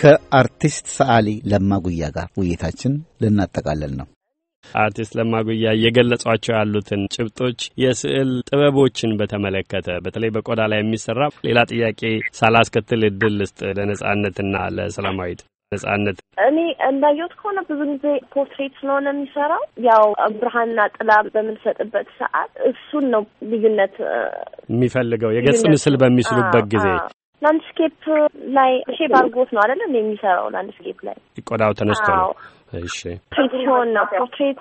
ከአርቲስት ሰዓሊ ለማጉያ ጋር ውይይታችን ልናጠቃለል ነው። አርቲስት ለማጉያ እየገለጿቸው ያሉትን ጭብጦች የስዕል ጥበቦችን በተመለከተ በተለይ በቆዳ ላይ የሚሰራ ሌላ ጥያቄ ሳላስከትል እድል ልስጥ ለነጻነትና ለሰላማዊት ነጻነት እኔ እንዳየሁት ከሆነ ብዙ ጊዜ ፖርትሬት ስለሆነ የሚሰራው ያው ብርሃንና ጥላ በምንሰጥበት ሰዓት እሱን ነው ልዩነት የሚፈልገው የገጽ ምስል በሚስሉበት ጊዜ ላንድስኬፕ ላይ ሼፕ አድርጎት ነው አይደለም የሚሰራው ላንድስኬፕ ላይ ቆዳው ተነስቶ ነው እሺ ፊት ሲሆን ነው። ፖርትሬት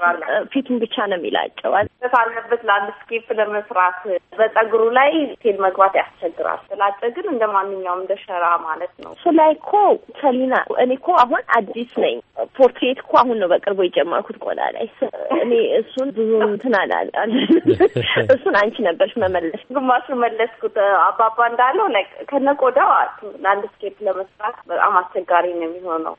ፊቱን ብቻ ነው የሚላጨው። አዘት አለበት ላንድስኬፕ ለመስራት በፀጉሩ ላይ ቴል መግባት ያስቸግራል። ስላጨ ግን እንደ ማንኛውም እንደ ሸራ ማለት ነው። እሱ ላይ እኮ ሰሊና፣ እኔ እኮ አሁን አዲስ ነኝ። ፖርትሬት እኮ አሁን ነው በቅርቡ የጀመርኩት ቆዳ ላይ። እኔ እሱን ብዙ እንትን አላለ እሱን አንቺ ነበርሽ መመለስ፣ ግማሹ መለስኩት። አባባ እንዳለው ከነ ቆዳው ላንድስኬፕ ለመስራት በጣም አስቸጋሪ ነው የሚሆነው።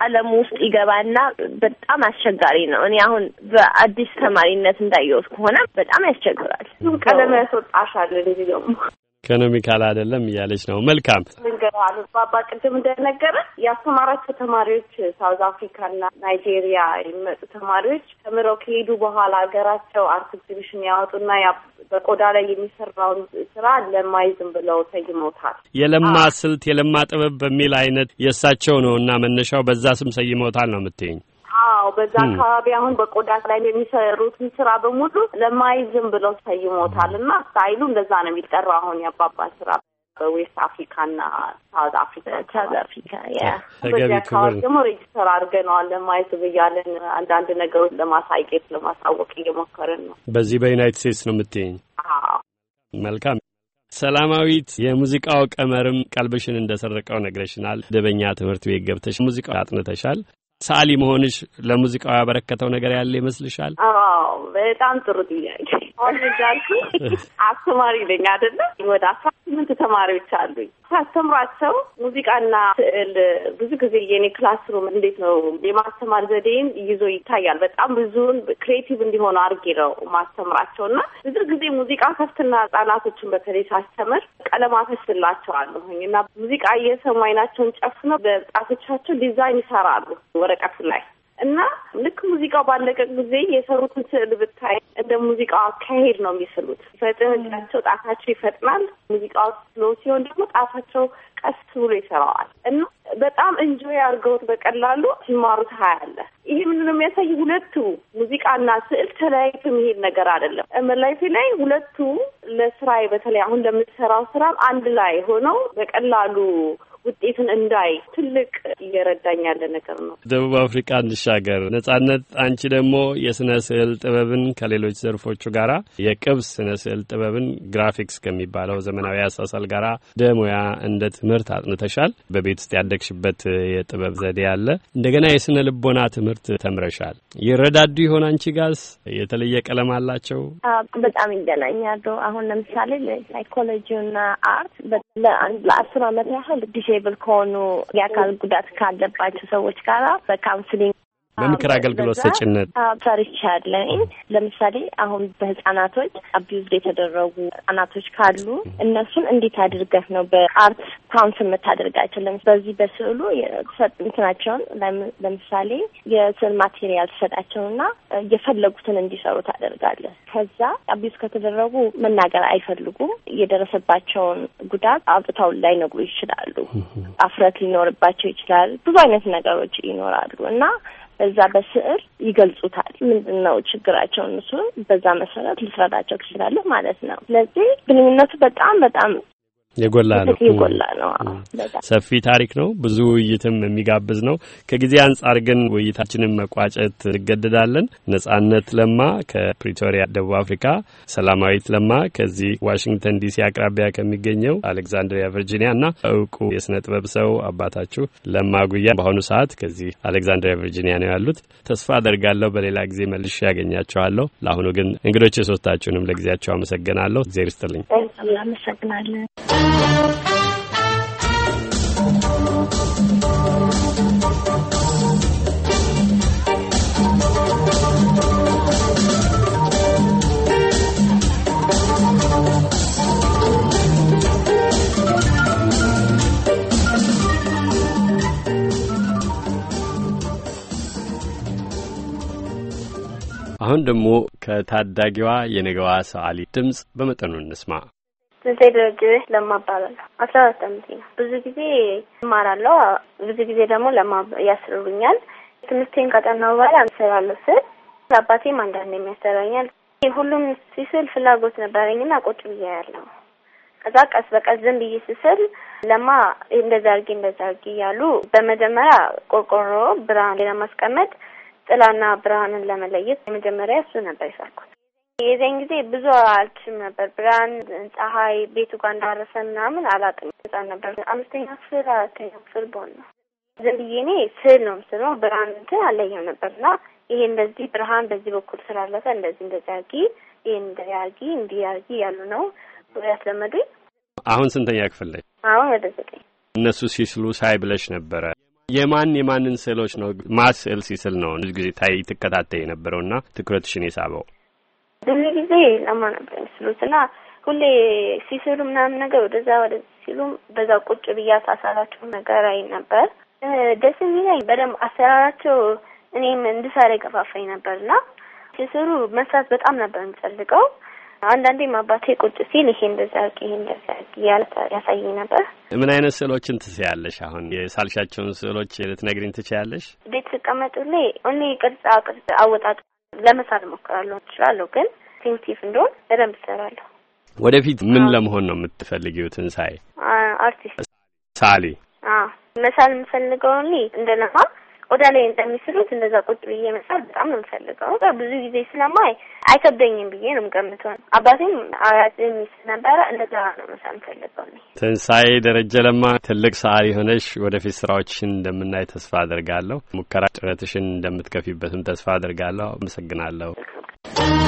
ቀለም ውስጥ ይገባና በጣም አስቸጋሪ ነው። እኔ አሁን በአዲስ ተማሪነት እንዳየሁት ከሆነ በጣም ያስቸግራል። ቀለም ያስወጣሻል እንጂ ደግሞ ኢኮኖሚካል አይደለም እያለች ነው። መልካም ነገር አልባባ ቅድም እንደነገረ ያስተማራቸው ተማሪዎች ሳውዝ አፍሪካና ናይጄሪያ የሚመጡ ተማሪዎች ተምረው ከሄዱ በኋላ ሀገራቸው አርት ኤግዚቢሽን ያወጡና በቆዳ ላይ የሚሰራውን ስራ ለማይዝም ብለው ሰይመውታል። የለማ ስልት የለማ ጥበብ በሚል አይነት የእሳቸው ነው እና መነሻው በዛ ስም ሰይመውታል ነው የምትይኝ? አዎ በዛ አካባቢ አሁን በቆዳ ላይ የሚሰሩትን ስራ በሙሉ ለማይዝም ብለው ሰይሞታል እና ስታይሉ እንደዛ ነው የሚጠራው አሁን ያባባ ስራ ዌስት አፍሪካ እና ሳውዝ አፍሪካ ሳውዝ አፍሪካ በዚህ አካባቢ ደግሞ ሬጅስተር አድርገነዋለን ማየት ብያለን። አንዳንድ ነገሮች ለማሳየት ለማሳወቅ እየሞከርን ነው። በዚህ በዩናይትድ ስቴትስ ነው የምትይኝ? መልካም ሰላማዊት፣ የሙዚቃው ቀመርም ቀልብሽን እንደሰረቀው ነግረሽናል። መደበኛ ትምህርት ቤት ገብተሽ ሙዚቃ አጥንተሻል። ሰዓሊ መሆንሽ ለሙዚቃው ያበረከተው ነገር ያለ ይመስልሻል? አዎ፣ በጣም ጥሩ ጥያቄ። አሁን እንዳልኩ አስተማሪ ነኝ አይደለ? ወደ አስራ ስምንት ተማሪዎች አሉኝ። ሳስተምሯቸው ሙዚቃና ስዕል ብዙ ጊዜ የኔ ክላስሩም እንዴት ነው የማስተማር ዘዴን ይዞ ይታያል። በጣም ብዙውን ክሬቲቭ እንዲሆኑ አድርጌ ነው ማስተምራቸው እና ብዙ ጊዜ ሙዚቃ ከፍትና ህጻናቶችን በተለይ ሳስተምር ቀለማት ስላቸዋለሁ እና ሙዚቃ እየሰሙ አይናቸውን ጨፍነው በጣቶቻቸው ዲዛይን ይሰራሉ ወረቀቱ ላይ እና ልክ ሙዚቃው ባለቀ ጊዜ የሰሩትን ስዕል ብታይ እንደ ሙዚቃው አካሄድ ነው የሚስሉት። ፈጥነታቸው ጣታቸው ይፈጥናል። ሙዚቃው ስሎ ሲሆን ደግሞ ጣታቸው ቀስ ብሎ ይሰራዋል እና በጣም እንጆይ አድርገውት በቀላሉ ሲማሩት ሀያለ ይሄ ምንድን ነው የሚያሳይ ሁለቱ ሙዚቃና ስዕል ተለያይቶ የሚሄድ ነገር አይደለም። መላይፌ ላይ ሁለቱ ለስራዬ በተለይ አሁን ለምሰራው ስራ አንድ ላይ ሆነው በቀላሉ ውጤትን እንዳይ ትልቅ እየረዳኝ ያለ ነገር ነው። ደቡብ አፍሪካ እንሻገር። ነጻነት፣ አንቺ ደግሞ የስነ ስዕል ጥበብን ከሌሎች ዘርፎቹ ጋራ የቅብ ስነ ስዕል ጥበብን ግራፊክስ ከሚባለው ዘመናዊ አሳሳል ጋራ ደሙያ እንደ ትምህርት አጥንተሻል። በቤት ውስጥ ያደግሽበት የጥበብ ዘዴ አለ። እንደገና የስነ ልቦና ትምህርት ተምረሻል። ይረዳዱ ይሆን አንቺ ጋስ የተለየ ቀለም አላቸው? በጣም ይገናኛሉ። አሁን ለምሳሌ ሳይኮሎጂና አርት ለአስር አመት ያህል ዲሴብል ከሆኑ የአካል ጉዳት ካለባቸው ሰዎች ጋራ በካውንስሊንግ በምክር አገልግሎት ሰጭነት ሰርቻለኝ። ለምሳሌ አሁን በህጻናቶች አቢውዝድ የተደረጉ ህጻናቶች ካሉ እነሱን እንዴት አድርገህ ነው በአርት ካውንስ የምታደርጋቸው? በዚህ በስዕሉ እንትናቸውን ለምሳሌ የስዕል ማቴሪያል ትሰጣቸውና የፈለጉትን እንዲሰሩ ታደርጋለህ። ከዛ አቢውዝ ከተደረጉ መናገር አይፈልጉም። የደረሰባቸውን ጉዳት አውጥተው ላይነግሩ ይችላሉ። አፍረት ሊኖርባቸው ይችላል። ብዙ አይነት ነገሮች ይኖራሉ እና በዛ በስዕል ይገልጹታል። ምንድን ነው ችግራቸው እነሱ በዛ መሰረት ልስረዳቸው እችላለሁ ማለት ነው። ስለዚህ ግንኙነቱ በጣም በጣም የጎላ ነው የጎላ ነው። ሰፊ ታሪክ ነው። ብዙ ውይይትም የሚጋብዝ ነው። ከጊዜ አንጻር ግን ውይይታችንን መቋጨት እንገደዳለን። ነጻነት ለማ ከፕሪቶሪያ ደቡብ አፍሪካ፣ ሰላማዊት ለማ ከዚህ ዋሽንግተን ዲሲ አቅራቢያ ከሚገኘው አሌክዛንድሪያ ቨርጂኒያ እና እውቁ የስነ ጥበብ ሰው አባታችሁ ለማ ጉያ በአሁኑ ሰዓት ከዚህ አሌክዛንድሪያ ቨርጂኒያ ነው ያሉት። ተስፋ አደርጋለሁ በሌላ ጊዜ መልሼ ያገኛቸዋለሁ። ለአሁኑ ግን እንግዶች የሶስታችሁንም ለጊዜያቸው አመሰግናለሁ። እግዜር ይስጥልኝ። አመሰግናለን። አሁን ደግሞ ከታዳጊዋ የነገዋ ሰዓሊ ድምፅ በመጠኑ እንስማ። ስንሴ ደረጀ ለማባላል አስራ አራት አመት ነው። ብዙ ጊዜ እማራለሁ፣ ብዙ ጊዜ ደግሞ ለማ ያስሩኛል። ትምህርቴን ከጠናው በኋላ እሰራለሁ ስል አባቴም አንዳንድ የሚያሰራኛል። ሁሉም ሲስል ፍላጎት ነበረኝና ቁጭ ብዬ ያለው ከዛ ቀስ በቀስ ዝም ብዬ ስስል ለማ እንደዛ አርጊ እንደዛ አርጊ እያሉ በመጀመሪያ ቆርቆሮ ብርሃን ለማስቀመጥ ጥላና ብርሃንን ለመለየት የመጀመሪያ እሱ ነበር የሳልኩት። የዚያን ጊዜ ብዙ አልችም ነበር። ብራንድ ፀሐይ ቤቱ ጋር እንዳረሰ ምናምን አላውቅም። ህጻን ነበር። አምስተኛ ክፍል አራተኛ ክፍል በሆን ነው። ዝም ብዬ እኔ ስዕል ነው ምስል ነው ብርሃን እንትን አለየም ነበር እና ይሄ እንደዚህ ብርሃን በዚህ በኩል ስላለፈ እንደዚህ እንደዚህ አርጊ፣ ይህን እንደዚህ አርጊ፣ እንዲህ አርጊ ያሉ ነው ያስለመዱኝ። አሁን ስንተኛ ክፍል ላይ? አሁን ወደ ዘጠኝ እነሱ ሲስሉ ሳይ ብለሽ ነበረ። የማን የማንን ስዕሎች ነው ማስዕል ሲስል ነው ብዙ ጊዜ ታይ ትከታተይ የነበረውና ትኩረትሽን የሳበው? ብዙ ጊዜ ለማ ነበር የሚስሉት እና ሁሌ ሲስሉ ምናምን ነገር ወደዛ ወደ ሲሉም በዛ ቁጭ ብዬ አሳሳላቸው ነገር አይ ነበር ደስ የሚለኝ በደንብ አሰራራቸው እኔም እንድሰራ ይገፋፋኝ ነበርና ሲስሩ መስራት በጣም ነበር የምፈልገው። አንዳንዴም አባቴ ቁጭ ሲል ይሄ እንደዛ አድርጊ ይሄ እንደዛ አድርጊ እያለ ያሳየኝ ነበር። ምን አይነት ስዕሎችን ትስያለሽ? አሁን የሳልሻቸውን ስዕሎች ልትነግሪኝ ትችያለሽ? ቤት ላይ እኔ ቅርጻ ቅርጽ አወጣጡ ለመሳል ሞክራለሁ እችላለሁ፣ ግን ሴንሲቲቭ እንደሆን በደንብ እሰራለሁ። ወደፊት ምን ለመሆን ነው የምትፈልጊው? ትንሳኤ አርቲስት ሳሊ መሳል የምፈልገው እኔ እንደ ነማ ቆዳ ላይ እንደሚስሉት እንደዛ ቁጭ ብዬ መሳል በጣም ነው የምፈልገው። ብዙ ጊዜ ስለማይ አይከብደኝም ብዬ ነው የምገምተው። አባቴም አያት የሚስል ነበረ። እንደዛ ነው መሳል የምፈልገው። ትንሳኤ ደረጀ ለማ፣ ትልቅ ሰዓሊ ሆነሽ ወደፊት ስራዎችሽን እንደምናይ ተስፋ አድርጋለሁ። ሙከራ ጥረትሽን እንደምትከፊበትም ተስፋ አድርጋለሁ። አመሰግናለሁ። Thank you.